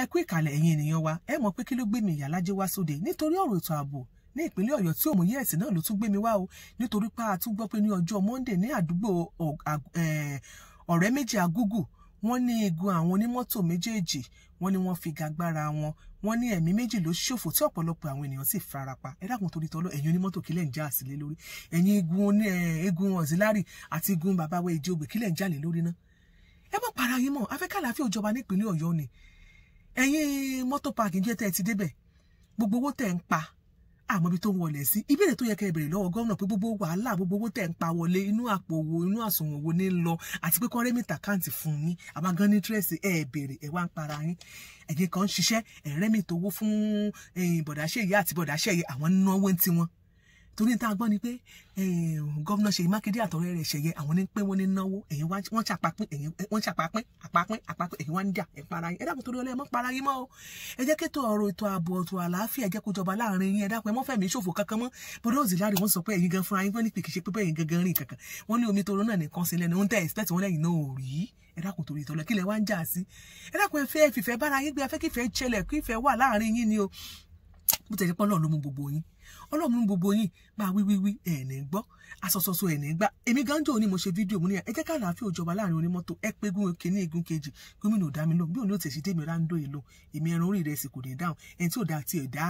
ẹ kú ìkàlẹ̀ ẹ̀yin ènìyàn wa ẹ mọ̀ pé kí ló gbé mi ìyá lájẹ́ wá sóde nítorí ọ̀rọ̀ ètò ààbò ní ìpínlẹ̀ ọ̀yọ́ tí òmùyẹ́ ẹ̀sìn náà ló tún gbé mi wá o nítorí pé a tún gbọ́ pé ní ọjọ́ monday ní àdúgbò ọ̀rẹ́ méjì agúgù wọ́n ní igun àwọn onímọ́tò méjèèjì wọ́n ní wọ́n figagbára wọn wọ́n ní ẹ̀mí méjì ló ṣòfò tí ọ̀pọ̀lọpọ̀ àwọn ènìyàn sì farapa ẹ dákun torí tọ́lọ́ ẹ̀yin onímọ́tò kílẹ̀ ń já àsìlẹ̀ lórí ẹ̀yin igun oní egun ọ̀zílárì àti igun bàbá wa èjì ògbè kílẹ̀ ń já lórí náà ẹ má para yín mọ́ afẹ́kàlàfíà òjọba nípínlẹ̀ ọ̀yọ́ ni ẹ̀yin mọ́tò páàkì jẹ́ tẹ́ ẹ ti débẹ̀ gbogbo owó tẹ̀ ń pa àmọ́ ibi tó ń wọlé sí ìbéèrè tó yẹ kẹ́ bèrè lọ́wọ́ gómìnà pé gbogbo wàhálà gbogbo owó tẹ̀ ń pa wọlé inú àpò owó inú àsùnwọ̀n owó ní lọ àti pé kọ́rẹ́ mìtà káǹtì fún yín àbágán ní tírẹ̀sì ẹ̀ bèrè ẹ̀ wá ń para yín ẹ̀yin kan ń ṣiṣẹ́ ẹ̀rẹ́ mìtà owó fún bọ̀dáṣẹ́ àti bọ̀dáṣẹ́ àwọn náwó ń tiwọn torí tá a gbọ́ ni pé eh, gómìnà Ṣèyí Mákindé àtọ̀rẹ́ rẹ̀ ṣẹ̀yẹ àwọn ní pé wọ́n ní náwó ẹ̀yin wọ́n ṣàpapín ẹ̀yin wọ́n ṣàpapín àpapín àpapín ẹ̀yin wọ́n ń jà ẹ̀ para yín ẹ dákun torí ọlẹ́ mọ́ para yín mọ́ o ẹ jẹ́ kétò ọ̀rọ̀ ètò ààbò ọ̀tò àlàáfíà ẹ jẹ́ kó jọba láàrin yín ẹ dákun ẹ mọ́ fẹ̀mí ṣòfò kankan mọ́ bọ́dọ̀ọ̀sì láre wọ́n sọ pé ẹ̀yin gan fúnra yín wọ́n ní pèkìṣe pé ẹ̀yin gangan rìn kankan wọ́n ní omi toro náà nìkan sílẹ̀ ní wọ́n tẹ̀ expect wọn lẹ́yìn náà ò rí ẹ dákun torí ìtọ́lọ kí lẹ wá ń jà sí ẹ dákun ẹ fẹ́ fìfẹ́ bára yín gbé afẹ́kífẹ́ ṣẹlẹ̀ kí ìfẹ́ wà láàrin yín ni o bó ti ṣe pọ́n lọ́run ló mú gbogbo yín ọlọ́run mú gbogbo yín máa wí wí wí ẹ̀ẹ̀nì gbọ́ asọ̀sọ̀sọ ẹ̀ẹ̀nì gbà èmi gánjọ́ òní mo ṣe fídíò mo ní ẹ jẹ́ ká àlàáfíà òjọba láàrin onímọ́tò ẹ pé gún kínní igun kejì gómìnà ọ̀dà mi lọ bí òní ò tẹ̀sí tèmi ráńdó èlò èmi ẹran orí rẹ̀ sì kò dé dáhùn ẹni tí ò dá tiẹ̀ dá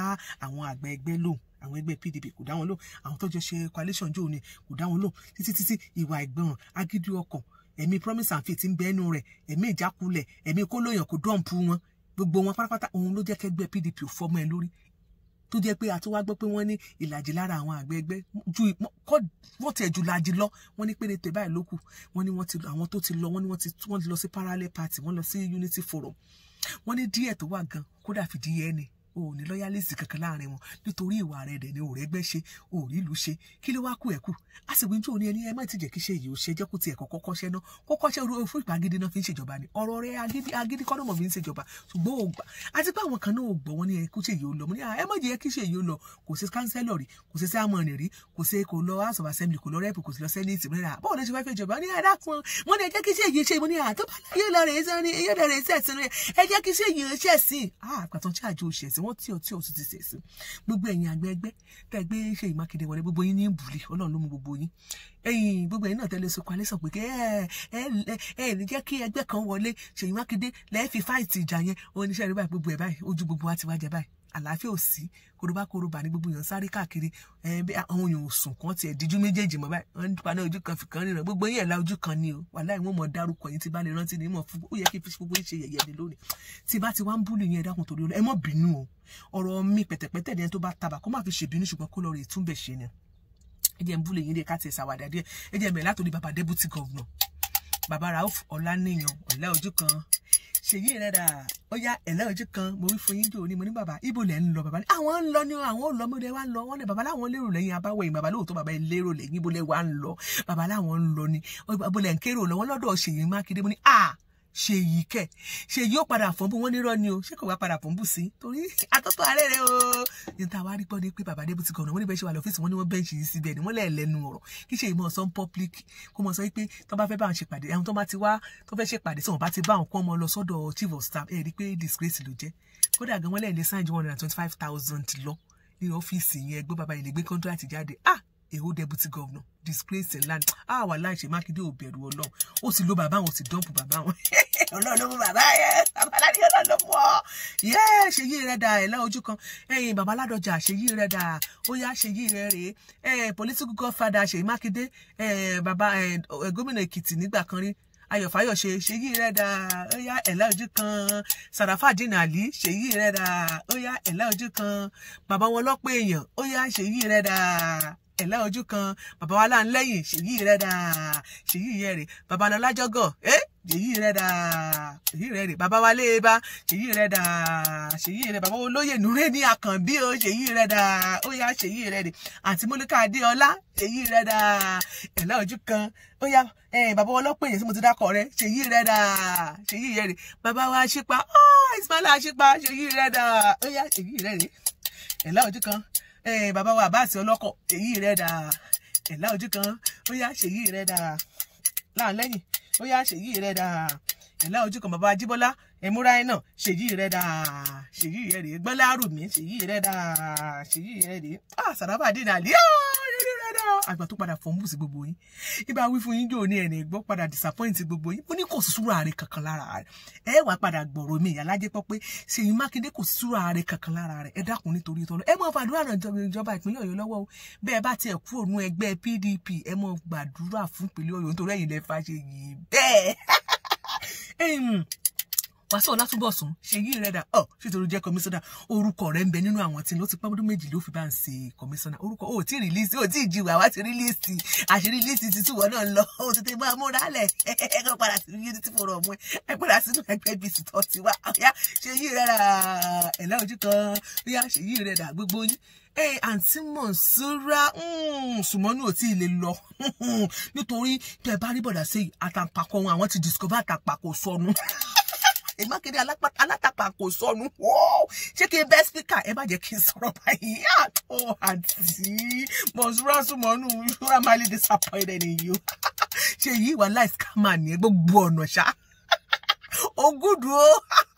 àwọn àgbà ẹgbẹ́ lóhùn àwọn ẹgbẹ́ pdp kò dá wọn lóhùn àwọn tó jọ ṣe coalition jọ òní kò dá wọn lóhùn títí títí ìwà ìgbọràn agídí ọkàn ẹ̀mí promise and faith ń bẹ́ẹ̀nu rẹ̀ ẹ̀mí ìjákulẹ̀ ẹ̀mí kólóyàn kò dọ̀m̀pù wọn gbogbo wọn pátápátá òun ló jẹ́ kẹ́gbẹ́ pdp ò fọmọ ẹ lórí tó jẹ́ pé a tún wá gbọ́ pé wọ́n ní ìlàjì lára àwọn àgbẹ̀ ẹgbẹ́ ju kọ́ wọ́n tiẹ̀ ju làjì lọ wọ́n ní péréte báyìí ló kù wọ́n ní wọ́n ti àwọn tó ti lọ wọ́n ní wọ́n ti wọ́n lọ sí parallel party wọ́n lọ sí unity forum wọ́n ní díẹ̀ tó wà gan kódà fìdí yẹn ni o ò ní lọ́yálẹ́sì kankan láàrin wọn nítorí ìwà rẹ̀ dẹ̀ ni ò ṣe o ò nílùú ṣe kí ló wá kú ẹ̀ kú a sì gbìyànjú òní ẹni ẹ má ti jẹ́ kí ṣe yìí ó ṣe jẹ́ kó tiẹ̀ kọ́kọ́ kọ́ṣẹ́ náà kó kọ́ṣẹ́ ru fún ìpàgídí náà fi ń ṣèjọba ni ọ̀rọ̀ rẹ̀ agídí kọ́nọ̀mọ̀ fi ń ṣèjọba ṣùgbọ́n ò gbà àti pé àwọn kan náà ò gbọ́ wọn ní ẹ kó ṣe yìí ó lọ mo ní ẹ má jẹ́ kí ṣe yìí ó lọ kò sí kánsẹ́lọ̀ rí kò sí sáàmọ̀nì rí kò sí kò lọ house of assembly kò lọ rẹ́pù kò sí lọ sẹ́nẹ̀tì mo ní à bọ́ọ̀ ló ṣe fẹ́ fẹ́ jọba ní ẹ̀dá kan mo ní ẹ jẹ́ kí ṣe yìí ṣe mo ní à tó bá láyé lọ rẹ̀ ẹ̀ sẹ́ni ẹ̀ yóò lọ wọ́n tí ò tí ò tún ti sèso gbogbo ẹ̀yin àgbẹ̀ ẹgbẹ́ tẹ́ gbé Ṣèyí Mákindé wọlé gbogbo yín ní ìbùlé Ọlọ́run ló mú gbogbo yín ẹ̀yin gbogbo ẹ̀yin náà tẹ́lẹ̀ sọ pa lẹ́sọ̀ pé kẹ́ ẹ ẹ ní jẹ́ kí ẹgbẹ́ kan wọlé Ṣèyí Mákindé lẹ́ẹ̀ fi fáìtì ìjà yẹn oníṣẹ́ rẹ báyìí gbogbo ẹ̀ báyìí ojú gbogbo wa ti wá jẹ báyìí àlàáfíà ò sí korobá korobá ní gbogbo èèyàn sáré káàkiri àwọn èèyàn ò sùn kàn tiẹ̀ díjú méjèèjì mọ́ báyìí wọ́n ń paná ojú kan fìkan ríran gbogbo yín ẹ̀la ojú kan ni o wàláhì wọ́n mọ̀ dárúkọ yín tí bá lè rántí ni mọ̀ fún ó yẹ kí fífi gbogbo yín ṣe yẹ̀yẹ́ ni lónìí tí bá ti wá ń búlù yín ẹ dákun torí ẹ mọ̀ bínú o ọ̀rọ̀ mi pẹ̀tẹ̀pẹ̀tẹ̀ ni ẹni tó bá tabà kó má fi ṣèbínú ṣùgbọ́n kó lọ rè túnbẹ̀ ṣe ni ẹ jẹ́ ń búlù yín dé ká tiẹ̀ ṣàwádà díẹ̀ ẹ jẹ́ bẹ̀rẹ̀ látòrí bàbá ṣèyí rẹ dà ó yá ẹ̀lẹ́ ojú kan mo wí fún yín jò ní mo ní bàbá ibo lẹ̀ ń lọ bàbá ní àwọn ń lọ ní àwọn ò lọ mo lẹ wá ń lọ wọn lẹ bàbá láwọn lérò lẹ́yìn abáwọ̀ yìí bàbá lóòótọ́ bàbá lérò lẹ́yìn ibo lẹ wá ń lọ bàbá láwọn ń lọ ni ibo lẹ̀ ń kérò lọ wọn lọ́dọ̀ ṣèyí mákindé mo ní à ṣèyí kẹ ṣèyí ó padà fọ́nbù wọn nírọ́ ni o ṣé kò wá padà fọ́nbù sí torí atótó alẹ́ rẹ o ní ta wá rí gbọ́ ni pé bàbá débùtì gọ̀ọ̀nà wọ́n níbẹ̀ ṣe wà lọ́fíìsì wọn ni wọ́n bẹ́ǹṣì yìí síbẹ̀ ni wọ́n lẹ̀ lẹ́nu ọ̀rọ̀ kí ṣe ìmọ̀ sọ́n public kó mọ̀ sọ pé tó bá fẹ́ bá wọn ṣe pàdé àwọn tó bá ti wá tó fẹ́ ṣe pàdé tí bá ti bá wọn kó ọmọ lọ disgrace ló jẹ́ kódà gan wọ́n lẹ̀ twenty five thousand lọ ní ọ́fíìsì yẹn ẹgbẹ́ bàbá yìí lè ah èwo deputy governor disgrace ńlá ni ah wà láìṣe mákindé ò bẹ̀rù ọlọ́run ó sì lo bàbá wọn ó sì dọ́ǹpù bàbá wọn ọlọ́run ló mú bàbá yẹ bàbá aládé ọlọ́run ló mú ọ yẹ ṣèyí rẹ dà ẹ̀ lọ́wọ́ ojú kan ẹ̀yìn bàbá aládọjà ṣèyí rẹ dà ó yá ṣèyí rẹ rèé ẹ̀ political godfather ṣèyí mákindé ẹ̀ bàbá ẹ̀ gómìnà èkìtì nígbà kan rí ayọ̀ fáyọ̀ṣe ṣèyí rẹ dà ó yá ẹ̀lá ojú kan sàràfàdínà àlí ṣèyí rẹ dà ó yá ẹ̀lá ojú kan bàbá wọn lọ́pọ̀ èèyàn ó yá ṣèyí rẹ dà ẹ̀lá ojú kan bàbá wa láńlẹ́yìn ṣèyí rẹ dà ṣèyí yẹ rè babalọ́lá jọ́gọ̀ ẹ́ ṣèyí rẹ dáa ṣèyí rẹ rè bàbá wa léèbá e ṣèyí rẹ dáa ṣèyí rẹ bàbá olóyè nùrẹ́ ní àkànbí o ṣèyí rẹ dáa ó yá ṣèyí rẹ rè àǹtí mólíkà adéọlá ṣèyí rẹ dáa ẹ̀lá ojú kan ó yá bàbá ọlọ́pẹ̀ yẹn tí mo ti dákọ̀ rẹ ṣèyí rẹ dáa ṣèyí rẹ rè bàbá wa àṣípa ìsìmọ́lá ah, àṣípa ṣèyí rẹ dáa ó yá ṣèyí rẹ rè ẹ̀lá ojú kan bàbá wa àbáàsì ọlọ́kọ̀ ṣèyí rẹ dáa ẹ̀lá ojú kan ó yá ṣèyí rẹ dáa láàlẹ́yìn ó yá ṣèyí rẹ dáa ìlà ojú kan bàbá ajíbọ́lá ẹ̀múra iná ṣèyí rẹ dáa ṣèyí rẹ rèé gbọ́lá rùmí ṣèyí rẹ dáa ṣèyí rẹ rèé àṣàràbàdì ah, nàlẹ́ ọ̀rẹ́. Ah! padà àgbà tó padà fọ́nbù sí gbogbo yín ibà wí fún yín jò ní ẹ̀nì gbọ́ padà disappoint gbogbo yín ó ní kò súra rẹ̀ kankan lára rẹ̀ ẹ wàá padà gbọ̀rọ̀ mi ìyá lájẹ́ pọ́ pé Ṣèyí Mákindé kò súra rẹ̀ kankan lára rẹ̀ ẹ dákun nítorí tọ́lọ́ ẹ mọ fàdúrà ràn ìjọba ìpínlẹ̀ Ọ̀yọ́ lọ́wọ́ o bẹ́ẹ̀ bá tiẹ̀ kú òun ẹgbẹ́ PDP ẹ mọ gbàdúrà fún ìpínlẹ̀ Ọ̀yọ́ nítorí ẹ̀yìn lẹ́fà ṣe yìí bẹ́ẹ̀ wàsíù látúbọ̀sùn ṣèyí rẹ̀ dà ọ ṣètòrò jẹ́ kọmíṣánná orúkọ rẹ̀ ń bẹ nínú àwọn tí ló ti pọ́dún méjì ló fi bá ń ṣe kọmíṣánná orúkọ ò tí rìlíìsì ò tí ì jìwà wá ti rìlíìsì àṣírí líìsì títí wọn náà lọ ó ti tẹ máa múra lẹ̀ ẹ̀ẹ́dẹ́gbọ́n padà sí yíyí títí fòrò ọ̀mú ẹ padà sínú ẹgbẹ́ bíi sì tọ́tí wá ọ̀yá ṣèyí rẹ̀ dà ẹ̀lẹ́ ojú kan ọ̀yá ṣèyí rẹ̀ dà gbogbo yín ee àǹtí mọ̀nsúra hmm, sùmọ́nù ò tí ì lè lọ hmm, hmm, nítorí tẹ bá rí bọ̀dà sí àtàǹpàkò wọn àwọn ti discover àtàǹpàkò sọnù Mákindé alátakà kò sọnù ṣé kí n bẹ́ spíkà ẹ má jẹ́ kí n sọ̀rọ̀ báyìí àtọ́ àti mọ̀nsúrà súnmọ́nù ṣúra máa lè disappointed in you ṣe yìí wà láì scammer ní gbogbo ọ̀nà ṣá ogúdùú.